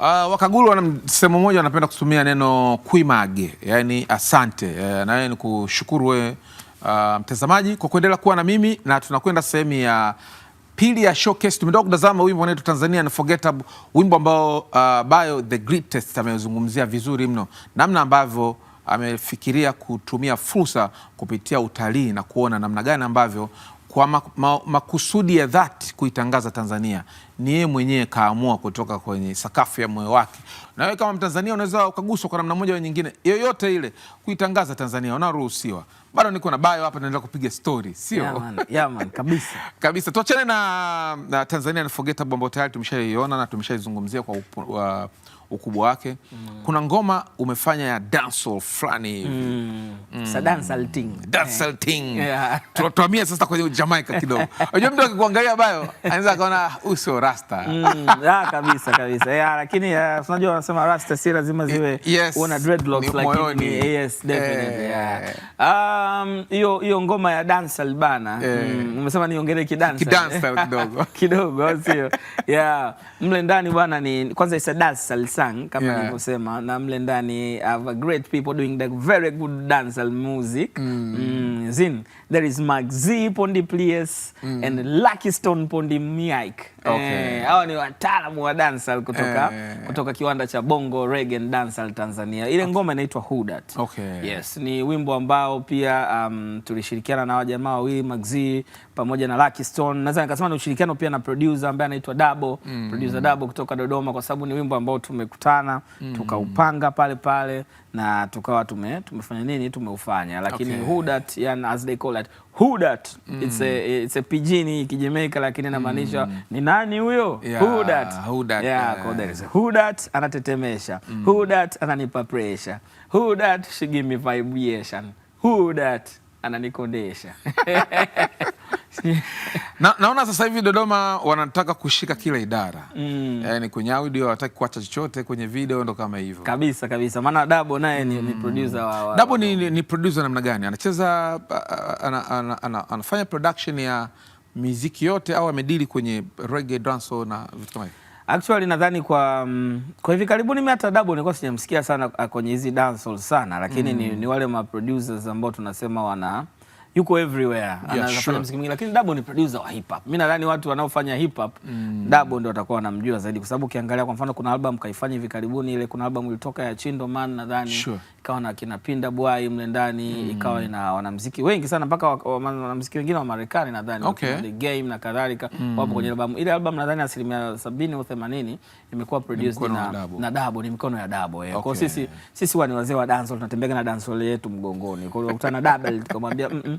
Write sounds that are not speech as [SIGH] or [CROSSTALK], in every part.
Uh, ah, Wakaguru wana msemo mmoja wanapenda kutumia neno kuimage, yani asante. Uh, yeye ni kushukuru wewe uh, ah, mtazamaji kwa kuendelea kuwa na mimi, na tunakwenda sehemu ya pili ya showcase. Tumetoka kutazama wimbo wanaitwa Tanzania Unforgettable, wimbo ambao uh, ah, Bayo the Greatest ameuzungumzia vizuri mno, namna ambavyo amefikiria kutumia fursa kupitia utalii na kuona namna gani ambavyo kwa makusudi ya dhati kuitangaza Tanzania, ni yeye mwenyewe kaamua kutoka kwenye sakafu ya moyo wake. Na wewe kama Mtanzania unaweza ukaguswa kwa namna moja au nyingine yoyote ile kuitangaza Tanzania, unaruhusiwa. Bado niko na bayo hapa, naendelea kupiga stori, sio man. man. Kabisa, [LAUGHS] kabisa. Tuachane na, na Tanzania Unforgettable ambayo tayari tumeshaiona na tumeshaizungumzia kwa upo, uh, ukubwa wake mm. Kuna ngoma umefanya ya dancehall fulani hivi mm. mm. sa dancehall thing dancehall eh. thing yeah. [LAUGHS] Tunatumia sasa kwenye Jamaica kidogo, [LAUGHS] unajua mtu akikuangalia bayo anaweza akaona uso rasta mm. Ah, kabisa kabisa yeah, lakini uh, unajua wanasema rasta si lazima ziwe yes. una dreadlocks lakini yes definitely eh, yeah. Um, hiyo hiyo ngoma ya dancehall bana yeah. mm. Umesema niongele kidance kidansa kidogo [LAUGHS] kidogo, sio yeah, mle ndani bwana ni kwanza isa dancehall sang kama yeah, nilivyosema na mle ndani have a great people doing the very good dance and music mm. Mm, zin there is Mark Z Pondi Plies mm. and Lucky Stone Pondi Mic okay. Hawa eh, ni wataalamu wa dancehall kutoka, eh, kutoka kiwanda cha Bongo Reggae Dancehall Tanzania. Ile okay. ngoma inaitwa Hudat. Okay. Yes, ni wimbo ambao pia um, tulishirikiana na wajamaa wawili Mark Z pamoja na Lucky Stone. Naweza nikasema ni ushirikiano pia na producer ambaye anaitwa Dabo, mm. producer Dabo kutoka Dodoma kwa sababu ni wimbo ambao tume tulikutana mm. Mm-hmm. tukaupanga pale pale na tukawa tume, tumefanya nini tumeufanya, lakini okay. hudat yani, as they call it hudat mm. it's a, it's a pijini Kijamaika, lakini inamaanisha mm. ni nani huyo yeah, hudat hudat yeah, yeah. there is hudat anatetemesha mm. hudat ananipa pressure hudat she give me vibration hudat ananikodesha [LAUGHS] Na, naona sasa hivi Dodoma wanataka kushika kila idara mm. Yani kwenye audio hawataki kuacha chochote, kwenye video ndo kama hivyo kabisa kabisa. Maana Dabo naye ni, mm. ni producer wa wa, Dabo ni, ni, ni producer namna gani? Anacheza ana, ana, ana, anafanya production ya miziki yote au amedili kwenye reggae, dancehall na vitu kama hivyo Actually nadhani kwa mm, kwa hivi karibuni mimi hata Dabo nilikuwa sijamsikia sana ah, kwenye hizi dancehall sana, lakini mm. ni, ni wale ma producers ambao tunasema wana yuko everywhere anafanya yeah, sure. muziki mwingine lakini Dabo ni producer wa hip hop. Mimi nadhani watu wanaofanya hip hop mm. Dabo ndio watakuwa wanamjua zaidi, kwa sababu ukiangalia kwa mfano kuna album kaifanya hivi karibuni, ile kuna album ilitoka ya Chindo Man nadhani sure. ikawa na kina Pinda Boy mle ndani mm. ikawa ina wanamuziki wengi sana mpaka wanamuziki wengine wa Marekani nadhani okay. the game na kadhalika mm. wapo kwenye album ile album nadhani asilimia sabini au 80 imekuwa produced na, na, na dabo ni mikono ya dabo eh. Okay. Kwa sisi sisi huwa ni wazee wa dancehall tunatembea na dancehall yetu mgongoni. Kwa hiyo ukutana na double tukamwambia mm -mm.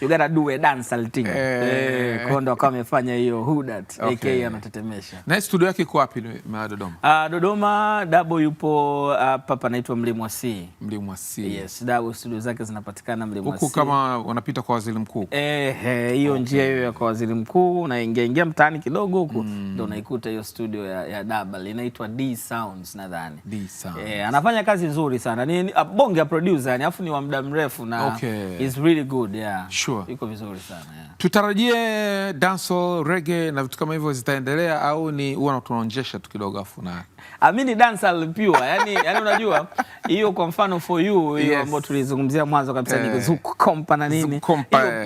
Uganda do a dance salting eh. eh, Kondo akawa amefanya hiyo who that okay. AK anatetemesha. Na studio yake iko wapi Dodoma? Uh, Dodoma Dabo yupo hapa uh, panaitwa wa C. Mlimu wa C. Yes, Dabo studio zake zinapatikana Mlimu wa C. Huko kama wanapita kwa waziri mkuu eh, hiyo okay. njia hiyo ya kwa waziri mkuu na ingia ingia mtaani kidogo huko ndio mm. unaikuta hiyo studio ya, ya Dabo inaitwa D Sounds nadhani. D Sounds. Eh, anafanya kazi nzuri sana. Ni ah, bonge ya producer yani afu ni wa muda mrefu na okay. is really good yeah sure. Iko vizuri sana yeah. Tutarajie dancehall, reggae na vitu kama hivyo zitaendelea au ni huwa tunaonjesha tu kidogo afu na amini ah, dancehall pure yani, yani unajua hiyo kwa mfano for you hiyo yes. ambayo tulizungumzia mwanzo kabisa ni eh. zuku kompa na nini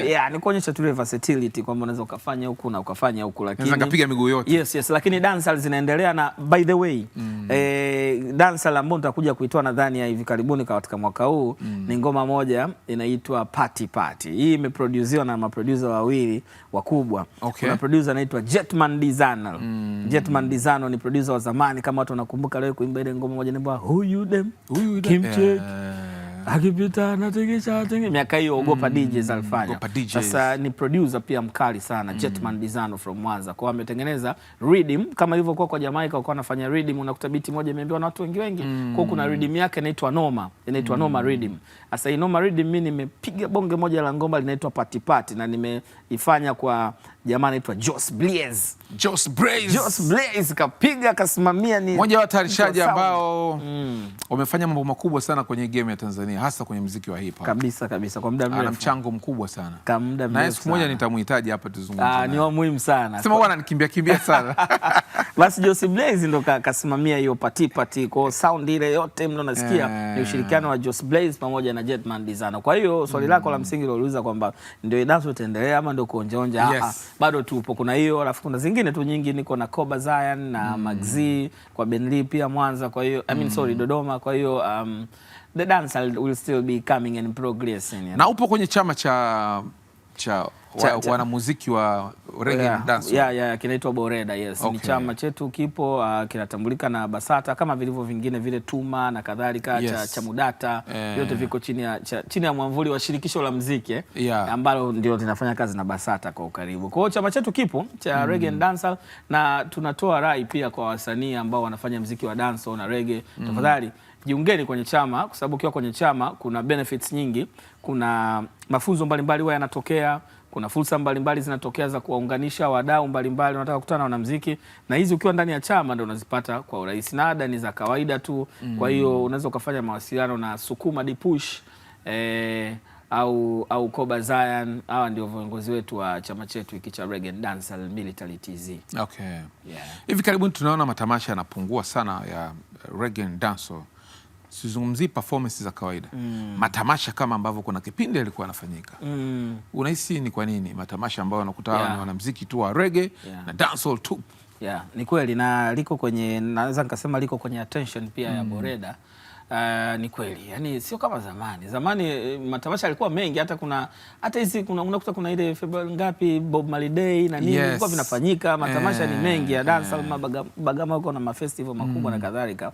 yeah, ni kuonyesha tu versatility kwamba unaweza ukafanya huku na ukafanya huku, lakini nikapiga miguu yote yes, yes, lakini dancehall zinaendelea na by the way mm. eh, dancehall ambayo tutakuja kuitoa nadhani hivi karibuni katika mwaka huu mm. ni ngoma moja inaitwa party party hii tuliproduziwa na maprodusa wawili wakubwa. Okay. Kuna producer anaitwa Jetman Dizanal. Mm. Jetman Dizano ni produsa wa zamani, kama watu wanakumbuka leo kuimba ile ngoma moja inaitwa Who Dem, Dem Kimchek. Yeah akipita anatingisha tingi miaka hiyo ogopa mm, DJs alifanya. Sasa ni producer pia mkali sana mm, Jetman Dizano from Mwanza kwao ametengeneza rhythm kama ilivyokuwa kwa Jamaica, walikuwa wanafanya rhythm unakuta biti moja imeambiwa na watu wengi wengi mm, kwao kuna rhythm yake inaitwa Noma, inaitwa mm, Noma rhythm. Sasa hii Noma rhythm mimi nimepiga bonge moja la ngoma linaitwa Pati Pati na nimeifanya kwa jamaa anaitwa Jos Blaze. Jos Blaze. Jos Blaze kapiga kasimamia, ni mmoja wa watayarishaji ambao mm. wamefanya mambo makubwa sana kwenye game ya Tanzania hasa kwenye mziki wa hip hop. Kabisa kabisa. Kwa muda mrefu. Ana mchango mkubwa sana. Kwa muda mrefu. Na siku moja nitamhitaji hapa tuzungumze. Ah, ni muhimu sana. Sema bwana nikimbia kimbia sana. [LAUGHS] Basi Jose Blaze ndo kasimamia hiyo party party Kwa sound ile yote mlo nasikia yeah. Ni eh. ushirikiano wa Jose Blaze pamoja na Jetman Dizana. Kwa hiyo swali mm. lako mm. la msingi liliuliza kwamba ndio inaso tutaendelea ama ndio kuonja onja? Ah, yes. Ah, bado tupo. Kuna hiyo alafu kuna zingine tu nyingi niko na Koba Zion na mm. Maxi kwa Benli pia Mwanza kwa hiyo I mean mm. sorry Dodoma kwa hiyo um, the dance will still be coming and progressing. You know? Na upo kwenye chama cha cha wanamuziki wa reggae yeah, dance yeah, yeah, kinaitwa Boreda yes. Okay. Ni chama chetu kipo, uh, kinatambulika na Basata kama vilivyo vingine vile Tuma na kadhalika yes. cha, cha Mudata eh. Yote viko chini ya, cha, chini ya mwamvuli wa shirikisho la muziki eh, yeah. ambalo ndio linafanya kazi na Basata kwa ukaribu. Kwa hiyo chama chetu kipo cha mm. reggae dance na tunatoa rai pia kwa wasanii ambao wanafanya muziki wa dance na reggae mm. tafadhali jiungeni kwenye chama, kwa sababu ukiwa kwenye chama kuna benefits nyingi, kuna mafunzo mbalimbali huwa yanatokea, kuna fursa mbalimbali zinatokea za kuwaunganisha wadau mbalimbali wanataka kukutana na wanamuziki, na hizi ukiwa ndani ya chama ndio unazipata kwa urahisi, na ada ni za kawaida tu. Kwa hiyo mm. unaweza ukafanya mawasiliano na Sukuma Dipush eh, au au Koba Zion. Hawa ndio viongozi wetu wa chama chetu hiki cha Reggae Dancehall Military TZ. Okay. Yeah. Hivi karibuni tunaona matamasha yanapungua sana ya Reggae Dancehall sizungumzii performance za kawaida mm. Matamasha kama ambavyo kuna kipindi alikuwa anafanyika mm. Unahisi ni kwa nini matamasha ambayo anakuta yeah. Ni wanamziki tu wa reggae yeah. na dancehall tu yeah. Ni kweli na liko kwenye, naweza nikasema liko kwenye attention pia mm. ya Boreda Uh, ni kweli yani, sio kama zamani. Zamani eh, matamasha yalikuwa mengi, hata kuna hata hizi kuna unakuta kuna ile Februari ngapi Bob Marley Day na nini yes. vinafanyika matamasha eh, ni mengi ya dancehall eh. Bagama huko na mafestival makubwa mm. na kadhalika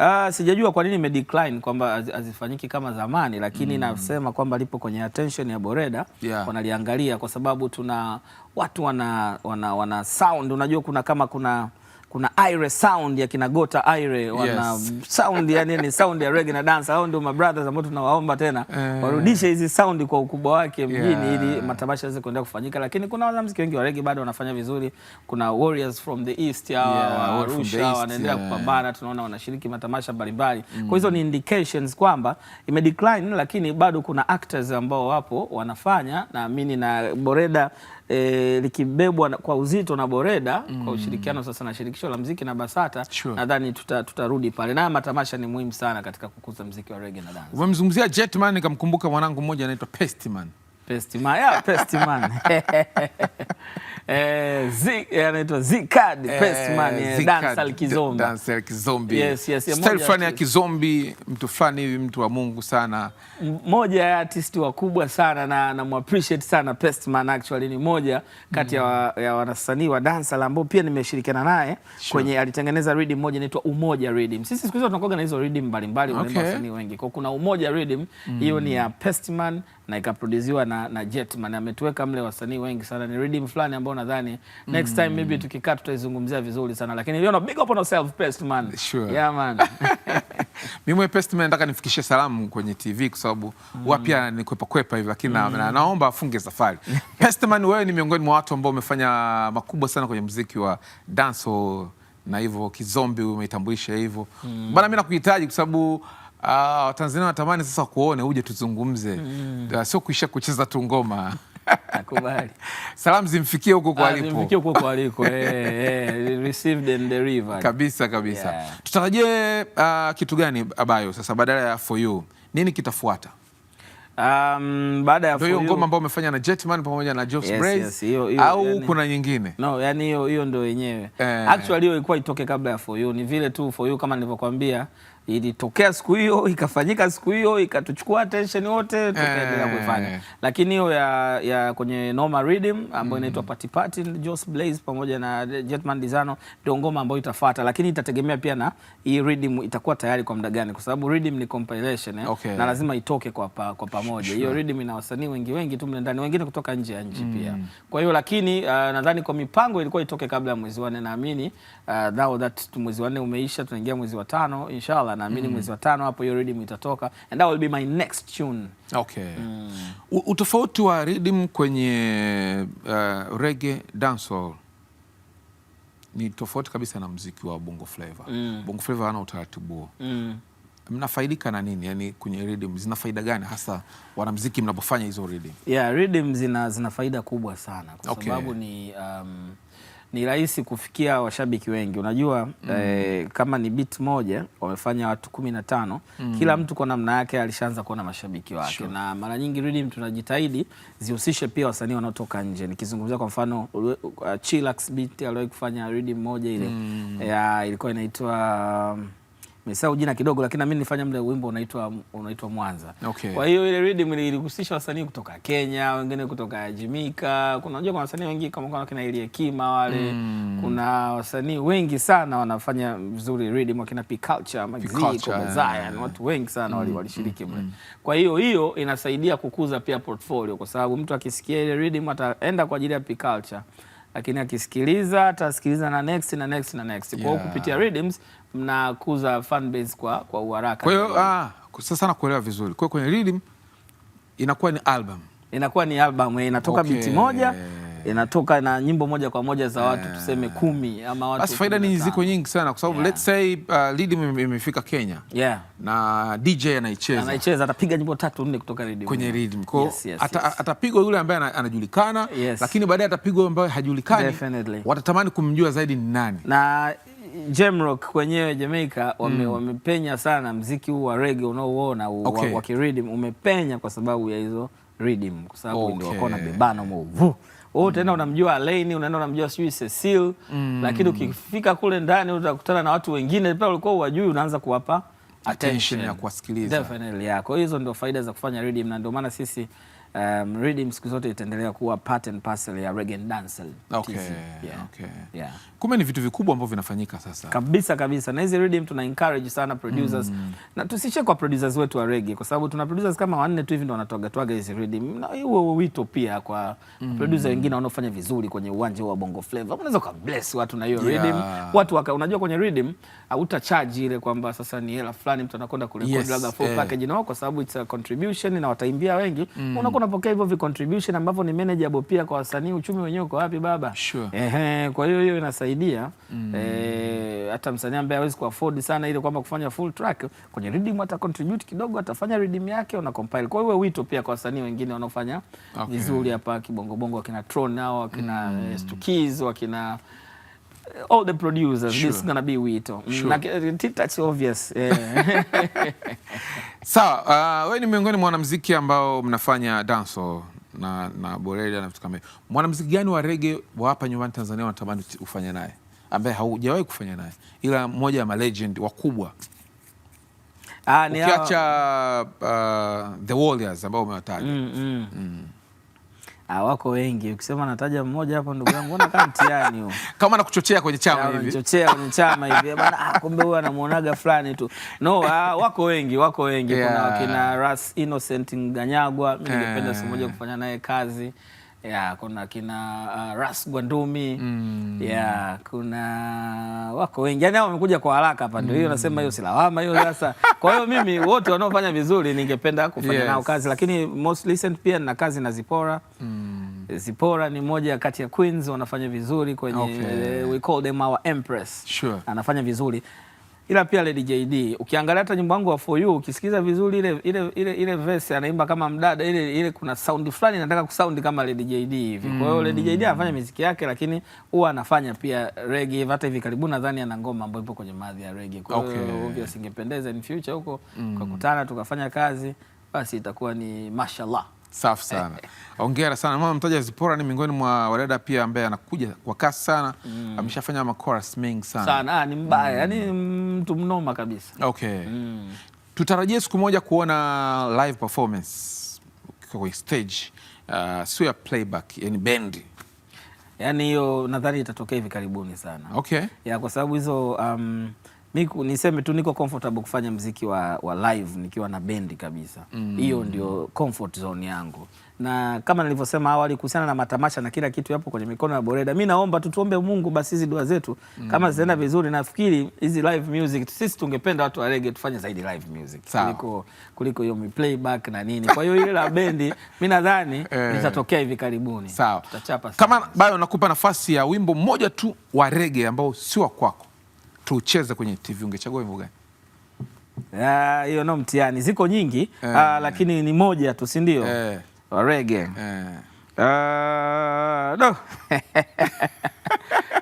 Uh, sijajua kwa nini imedecline kwamba hazifanyiki kama zamani, lakini mm. nasema kwamba lipo kwenye attention ya Boreda yeah. Wanaliangalia kwa sababu tuna watu wana, wana, wana sound, unajua kuna kama kuna kuna Aire sound ya kinagota Aire wana yes. sound ya nini? sound ya reggae na dance. Hao ndio mabrothers ambao tunawaomba tena eh, warudishe hizi sound kwa ukubwa wake mjini yeah. ili matamasha yaweze kuendelea kufanyika, lakini kuna wanamuziki wengi wa reggae bado wanafanya vizuri. Kuna warriors from the east ya yeah, Arusha wanaendelea yeah. kupambana, tunaona wanashiriki matamasha mbalimbali mm. kwa hizo ni indications kwamba ime decline, lakini bado kuna actors ambao wapo wanafanya, naamini na Boreda e, likibebwa kwa uzito na Boreda mm. kwa ushirikiano sasa na shirikisho la mziki na Basata sure. nadhani tutarudi tuta pale, na matamasha ni muhimu sana katika kukuza mziki wa reggae na dance. Umemzungumzia Jetman, nikamkumbuka mwanangu mmoja anaitwa Pestman Pestiman. Ya, Pestiman. [LAUGHS] [LAUGHS] Eh, zi, anaitwa Zikad, Pestiman, eh, eh Dancehall Kizombi. Dancehall Kizombi. Yes, yes. Style fulani ya Kizombi, mtu fulani hivi, mtu wa Mungu sana. Moja ya artist wakubwa sana na na appreciate sana Pestiman, actually ni moja kati mm. ya, ya wanasanii wa Dancehall ambao pia nimeshirikiana naye sure. Kwenye alitengeneza rhythm moja inaitwa Umoja Rhythm. Sisi siku hizo tunakoga na hizo rhythm mbalimbali, okay. Wasanii wengi. Kwa kuna Umoja Rhythm, mm. hiyo mm. ni ya Pestiman na ikaproduziwa na na, na Jetman ametuweka mle wasanii wengi sana, ni redeem fulani ambao nadhani next time maybe mm. tukikaa tutaizungumzia vizuri sana lakini leo na big up on yourself Pest man. Sure. Yeah man. Mimi [LAUGHS] Pest man nataka nifikishie salamu kwenye TV kwa sababu mm. wapia ni kwepa hivi lakini mm. na, naomba afunge safari. [LAUGHS] Pest man, wewe ni miongoni mwa watu ambao umefanya makubwa sana kwenye muziki wa dancehall na hivyo kizombi umeitambulisha hivyo. Mm. Bana mimi nakuhitaji kwa sababu Ah, Tanzania natamani sasa kuone uje tuzungumze mm. Ah, sio kuisha kucheza tu ngoma. Nakubali. [LAUGHS] Salamu zimfikie huko kwa ah, alipo. Zimfikie huko kwa aliko. [LAUGHS] Eh, eh, eh, Received and delivered. Kabisa kabisa. Yeah. Tutarajie uh, kitu gani Abayo sasa badala ya for you? Nini kitafuata? Um, baada ya for you. ngoma ambayo umefanya na Jetman pamoja na Jobs yes, Braze yes, hiyo, au yani, kuna nyingine? No, yani hiyo hiyo ndio yenyewe. Eh. Actually hiyo ilikuwa itoke kabla ya for you. Ni vile tu for you kama nilivyokuambia ilitokea siku hiyo ikafanyika siku hiyo ikatuchukua attention wote tukaendelea hey, kuifanya eh. Lakini hiyo ya, ya kwenye Noma Rhythm ambayo mm-hmm. inaitwa mm. Party Party Jos Blaze pamoja na Jetman Dizano ndio ngoma ambayo itafuata, lakini itategemea pia na hii rhythm itakuwa tayari kwa muda gani, kwa sababu rhythm ni compilation eh, okay. Na lazima itoke kwa, pa, kwa pamoja hiyo sure. rhythm ina wasanii wengi wengi tu mle ndani, wengine kutoka nje ya nchi mm. pia. Kwa hiyo lakini uh, nadhani kwa mipango ilikuwa itoke kabla ya mwezi wa nne naamini Uh, that mwezi wa nne umeisha, tunaingia mwezi wa tano inshallah, naamini mm mwezi wa tano hapo hiyo rhythm itatoka and that will be my next tune. Okay. Mm. Utofauti wa rhythm kwenye uh, reggae dancehall ni tofauti kabisa na mziki wa Bongo Flava. Mm. Bongo Flava ana utaratibu huo. Mm. Mnafaidika na nini? Yani kwenye rhythm zina faida gani hasa wanamziki mnapofanya hizo rhythm? Yeah, rhythm zina, zina faida kubwa sana kwa okay. sababu ni um, ni rahisi kufikia washabiki wengi unajua mm. eh, kama ni beat moja wamefanya watu kumi na tano mm. kila mtu kwa namna yake alishaanza kuona mashabiki wake sure. na mara nyingi Rhythm tunajitahidi zihusishe pia wasanii wanaotoka nje nikizungumzia kwa mfano uh, Chillax beat aliwahi kufanya Rhythm moja ile mm. ya ilikuwa inaitwa um, nimesahau jina kidogo, lakini mimi nilifanya mle wimbo unaitwa unaitwa Mwanza. Okay. Kwa hiyo ile rhythm ilihusisha wasanii kutoka Kenya, wengine kutoka Jamaica, kuna unajua kuna wasanii wengi kama kama kina ile Kima wale mm. kuna wasanii wengi sana wanafanya vizuri rhythm, wakina P Culture, Magzi, yeah. watu wengi sana mm. walishiriki mm, mle mm. kwa hiyo hiyo inasaidia kukuza pia portfolio, kwa sababu mtu akisikia ile rhythm ataenda kwa ajili ya P Culture lakini akisikiliza atasikiliza na next na next na next. Kwa hiyo yeah. kupitia rhythms mnakuza fan base kwa, kwa uharaka. Kwa hiyo ah, sasa nakuelewa vizuri. Kwa hiyo kwenye Rhythm inakuwa ni album, inakuwa ni album eh, inatoka okay. Biti moja inatoka na nyimbo moja kwa moja za watu yeah. Tuseme kumi ama watu basi, faida ni ziko nyingi sana kwa sababu yeah. Let's say uh, Rhythm imefika Kenya yeah. Na DJ anaicheza anaicheza, atapiga nyimbo tatu nne kutoka Rhythm kwenye Rhythm kwa yes, yes, ata, yes. Atapigwa yule ambaye anajulikana yes. Lakini baadaye atapigwa ambaye hajulikani, watatamani kumjua zaidi ni nani na Jamrock kwenyewe Jamaica wame, mm. wamepenya sana mziki huu wa rege unaouona okay. wa kiridm umepenya kwa sababu ya hizo riddim kwa sababu okay. ndio wako na bebano mvu wewe mm. utaenda unamjua Alain, unaenda unamjua sijui Cecil mm. lakini ukifika kule ndani utakutana na watu wengine pia ulikuwa uwajui, unaanza kuwapa attention ya kuwasikiliza. Definitely, yako hizo ndio faida za kufanya rhythm, na ndio maana sisi um, Rhythm siku zote itaendelea kuwa part and parcel ya reggae and dancehall. Okay, yeah, okay. Yeah. Kumbe ni vitu vikubwa ambavyo vinafanyika sasa kabisa kabisa, na hizi Rhythm tuna encourage sana producers mm. na tusiche kwa producers wetu wa reggae, kwa sababu tuna producers kama wanne tu hivi ndio toga hizi Rhythm, na hiyo wito pia kwa mm. producer wengine wanaofanya vizuri kwenye uwanja wa Bongo Flava, unaweza ka bless watu na hiyo yeah. Rhythm watu waka, unajua kwenye Rhythm hauta charge ile kwamba sasa ni hela fulani mtu anakwenda kurekodi yes, labda full eh. package, na kwa sababu it's a contribution na wataimbia wengi mm unapokea hivyo vicontribution ambavyo ni manageable pia kwa wasanii, uchumi wenyewe uko wapi baba? Sure. Ehe, kwa hiyo hiyo inasaidia mm. E, hata msanii ambaye hawezi kuafford sana ile kwamba kufanya full track kwenye redeem ata contribute kidogo, atafanya redeem yake una compile. Kwa hiyo wito pia kwa wasanii wengine wanaofanya vizuri okay. hapa kibongo bongo, wakina Tron nao wakina mm. Eh, Stukiz wakina all the producers sure. This is gonna be wito mm, sure. Uh, that's obvious [LAUGHS] yeah. so, [LAUGHS] Uh, wewe ni miongoni mwa wanamuziki ambao mnafanya danso na na Borelli na vitu kama hivyo. Mwanamuziki gani wa rege wa hapa nyumbani Tanzania unatamani ufanye naye ambaye haujawahi kufanya naye ila mmoja ya malegend wakubwa ah, ukiacha uh, The Warriors ambao umewataja mm, mm. mm. Ah, wako wengi, ukisema nataja mmoja hapo, ndugu yangu, ona kama mtihani huo, [LAUGHS] kama anakuchochea kwenye chama hivi, anachochea kwenye chama hivi bana. Ah, kumbe huyu anamuonaga fulani tu. No, ah, wako wengi, wako wengi yeah. Kuna wakina Ras Innocent Nganyagwa, mimi ningependa siku moja kufanya naye kazi ya kuna kina uh, ah, Ras Gwandumi mm. ya kuna wako wengi yani, hao wamekuja kwa haraka hapa, ndio Mm. hiyo Nasema hiyo si lawama hiyo sasa. Kwa hiyo mimi wote wanaofanya vizuri ningependa kufanya yes. nao kazi, lakini most recent pia na kazi na Zipora mm. Zipora ni moja kati ya queens wanafanya vizuri kwenye okay. Eh, we call them our empress sure. anafanya vizuri ila pia Lady JD ukiangalia hata nyimbo yangu wa for you ukisikiza vizuri ile, ile, ile, ile verse anaimba kama mdada ile, ile kuna sound fulani inataka kusound kama Lady JD hivi mm. kwa hiyo Lady JD mm. anafanya muziki yake, lakini huwa anafanya pia reggae. Hata hivi karibuni nadhani ana ngoma ambayo ipo kwenye madhi ya reggae. Kwa hiyo okay. obviously ingependeza in future huko mm. kukutana tukafanya kazi, basi itakuwa ni mashallah Safi sana ongera sana mama. Mtaja Zipora ni miongoni mwa wadada pia ambaye anakuja kwa kasi sana mm. ameshafanya makoras mengi sana sana, ah, ni mbaya mm. yani mtu mnoma kabisa. Okay mm. tutarajie siku moja kuona live performance kwa stage uh, sio ya playback, yani bendi yani hiyo nadhani itatokea hivi karibuni sana. Okay. ya kwa sababu hizo um, mi niseme tu niko comfortable kufanya mziki wa, wa live nikiwa na bendi kabisa mm. hiyo, mm. ndio comfort zone yangu, na kama nilivyosema awali kuhusiana na matamasha na kila kitu yapo kwenye mikono ya Boreda. Mi naomba tu tuombe Mungu basi hizi dua zetu mm. kama zitaenda vizuri, nafikiri hizi live music sisi tungependa watu warege tufanye zaidi live music Sao. kuliko kuliko hiyo playback na nini. Kwa hiyo ile la bendi mi nadhani [LAUGHS] eh. litatokea hivi karibuni. Sawa, tutachapa kama bayo. Nakupa nafasi ya wimbo mmoja tu wa rege ambao si wa kwako tu tucheze kwenye TV, ungechagua wimbo gani? Hiyo uh, no mtihani, ziko nyingi eh, uh, lakini ni moja tu, si ndio? Eh, wa reggae eh. Uh, no. [LAUGHS]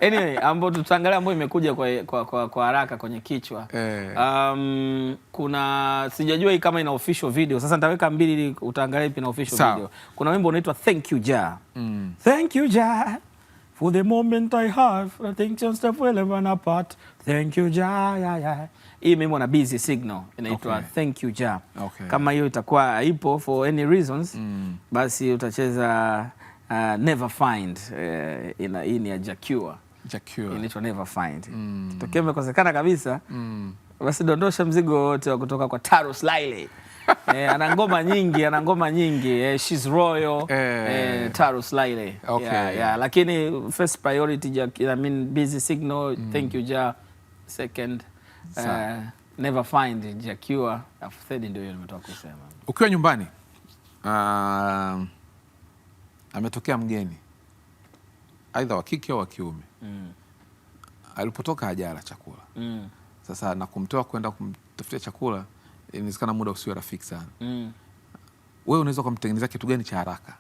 Anyway, ambao tutaangalia ambayo imekuja kwa, kwa, kwa, kwa haraka kwenye kichwa eh. Um, kuna sijajua hii kama ina official video sasa, nitaweka mbili ili utaangalia ipi ina official video. Kuna wimbo unaitwa Thank You Ja. Mm. Thank You Ja. For the moment I have, I think just a well run apart. Thank you Ja, ya, ya. Hii imeimba na Busy Signal inaitwa okay. Thank you Ja. Okay. Kama hiyo itakuwa ipo for any reasons mm. Basi utacheza uh, Never Find uh, ina hii ni ya Jacure. Jacure. Inaitwa Never Find. Mm. Tokeme imekosekana kabisa. Mm. Basi dondosha mzigo wote wa kutoka kwa Tarus Laile. [LAUGHS] eh, ana ngoma nyingi, ana ngoma nyingi eh, She's Royal eh, eh, Tarus Laile okay. yeah, yeah. Lakini first priority ja, I mean busy signal mm. Thank you ja second uh, never find ja cure of third ndio hiyo nimetoka kusema. Ukiwa nyumbani uh, ametokea mgeni aidha wa kike au wa kiume mm. alipotoka hajala chakula mm. Sasa na kumtoa kwenda kumtafutia chakula mm inawezekana muda usio rafiki sana mm. Wewe unaweza kumtengenezea kitu gani cha haraka?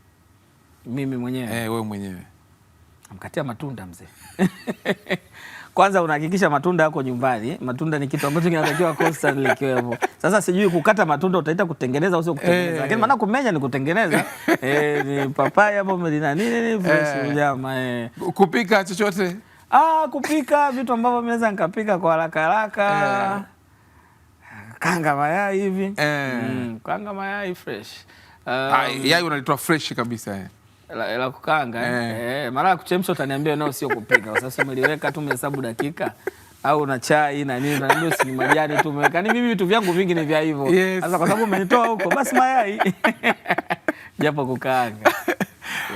Mimi mwenyewe eh, wewe mwenyewe namkatia matunda mzee. [LAUGHS] Kwanza unahakikisha matunda yako nyumbani. Matunda ni kitu ambacho kinatakiwa constantly kiwepo. Sasa sijui kukata matunda utaita kutengeneza au sio kutengeneza, eh. lakini maana kumenya ni kutengeneza [LAUGHS] eh, ni papaya hapo melina nini ni fresh ujama eh. eh. Kupika chochote ah, kupika vitu ambavyo mimi naweza nikapika kwa haraka haraka eh kanga mayai hivi eh. Mm, kanga mayai fresh ah, um, ah, yai unalitoa fresh kabisa eh. La, la kukanga eh. eh. Eh, mara ya kuchemsha utaniambia nao sio kupika kwa sababu umeliweka tu umehesabu dakika au na chai na nini nini, si majani tu umeweka. Ni yaani mimi vitu vyangu vingi ni vya hivyo. Sasa yes. Kwa sababu umenitoa huko basi mayai [LAUGHS] japo kukanga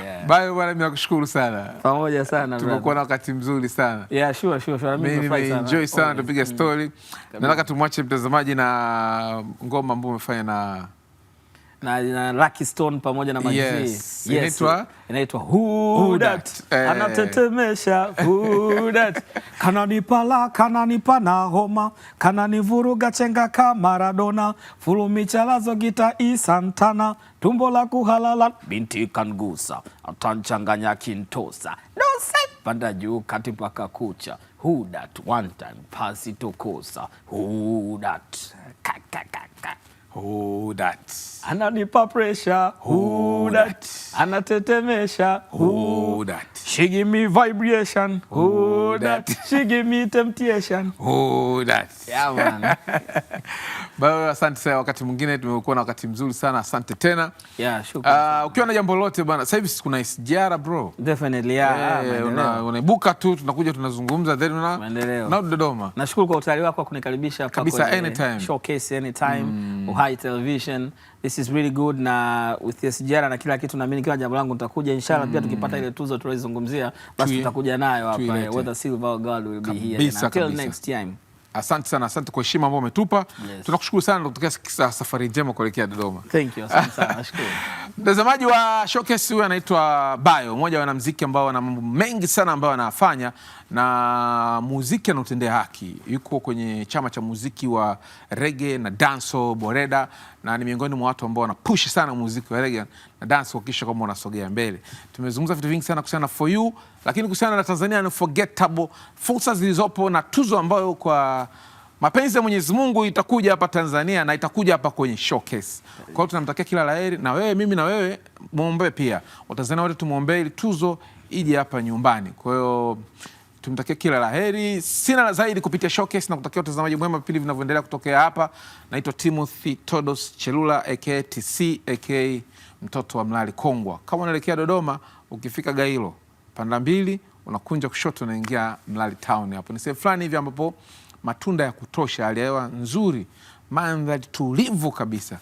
yeah. Bayo bwana, mimi nakushukuru sana, pamoja sana, tumekuwa na wakati mzuri sana yeah, sure, sure, sure. Mimi nimeenjoy sana, tupige mm. story. Nataka tumwache mtazamaji na ngoma ambayo umefanya na na, na Lucky Stone pamoja na Manzi. Yes. Yes. Inaitwa Who Dat. Eh. Anatetemesha Who Dat. Kananipala, kananipa na homa, kananivuruga chenga ka Maradona, fulumichalazo gita i Santana, tumbo la kuhalala binti kangusa, atanchanganya kintosa. say Panda juu kati paka kucha. Who that one time pasi tokosa. Who Dat. Kakaka. Who dat? Ananipa pressure. Anatetemesha. She give me vibration. She give me temptation. Yeah, [LAUGHS] Bayo, asante sana. Wakati mwingine tumekuwa na wakati mzuri sana, asante tena. Yeah, shukrani. Uh, ukiwa na jambo lolote bwana, sasa hivi kuna SGR bro. Definitely, yeah. Hey, eh, una, unaibuka tu tunakuja tunazungumza then una na Dodoma. Nashukuru kwa utayari wako kunikaribisha hapa kabisa, anytime. Showcase anytime. Mm. Uhai Television. This is really good na with SGR na kila kitu naamini kila jambo langu nitakuja inshallah. Mm. Pia tukipata ile tuzo tulizozungumzia basi tutakuja nayo hapa, whether silver or gold will be here. Until next time. Asante sana, asante kwa heshima ambayo umetupa. Yes. Tunakushukuru sana kutokea safari njema kuelekea Dodoma. Thank you, asante sana, [LAUGHS] Mtazamaji wa Showcase huyu anaitwa Bayo, mmoja wa wanamuziki ambao wana mambo mengi sana ambayo anafanya na muziki anautendea haki. Yuko kwenye chama cha muziki wa reggae na dancehall Boreda, na ni miongoni mwa watu ambao wanapush sana muziki wa reggae na dance kuhakikisha kwamba unasogea mbele. Tumezungumza vitu vingi sana kuhusiana na For You, lakini kuhusiana na Tanzania Unforgettable, fursa zilizopo na tuzo ambayo kwa mapenzi ya Mwenyezi Mungu itakuja hapa Tanzania na itakuja hapa kwenye showcase. Kwa hiyo tunamtakia kila laheri, na wewe mimi na wewe muombe pia, Watanzania wote tumuombee ili tuzo ije hapa nyumbani. Kwa hiyo tumtakia kila laheri, sina la zaidi kupitia showcase na kutakia watazamaji mwema vipindi vinavyoendelea kutokea hapa. Naitwa Timothy Todos Chelula aka TC aka mtoto wa Mlali Kongwa. Kama unaelekea Dodoma, ukifika Gairo panda mbili, unakunja kushoto, unaingia Mlali Town. Hapo ni sehemu fulani hivi ambapo matunda ya kutosha, hali ya hewa nzuri, mandhari tulivu kabisa.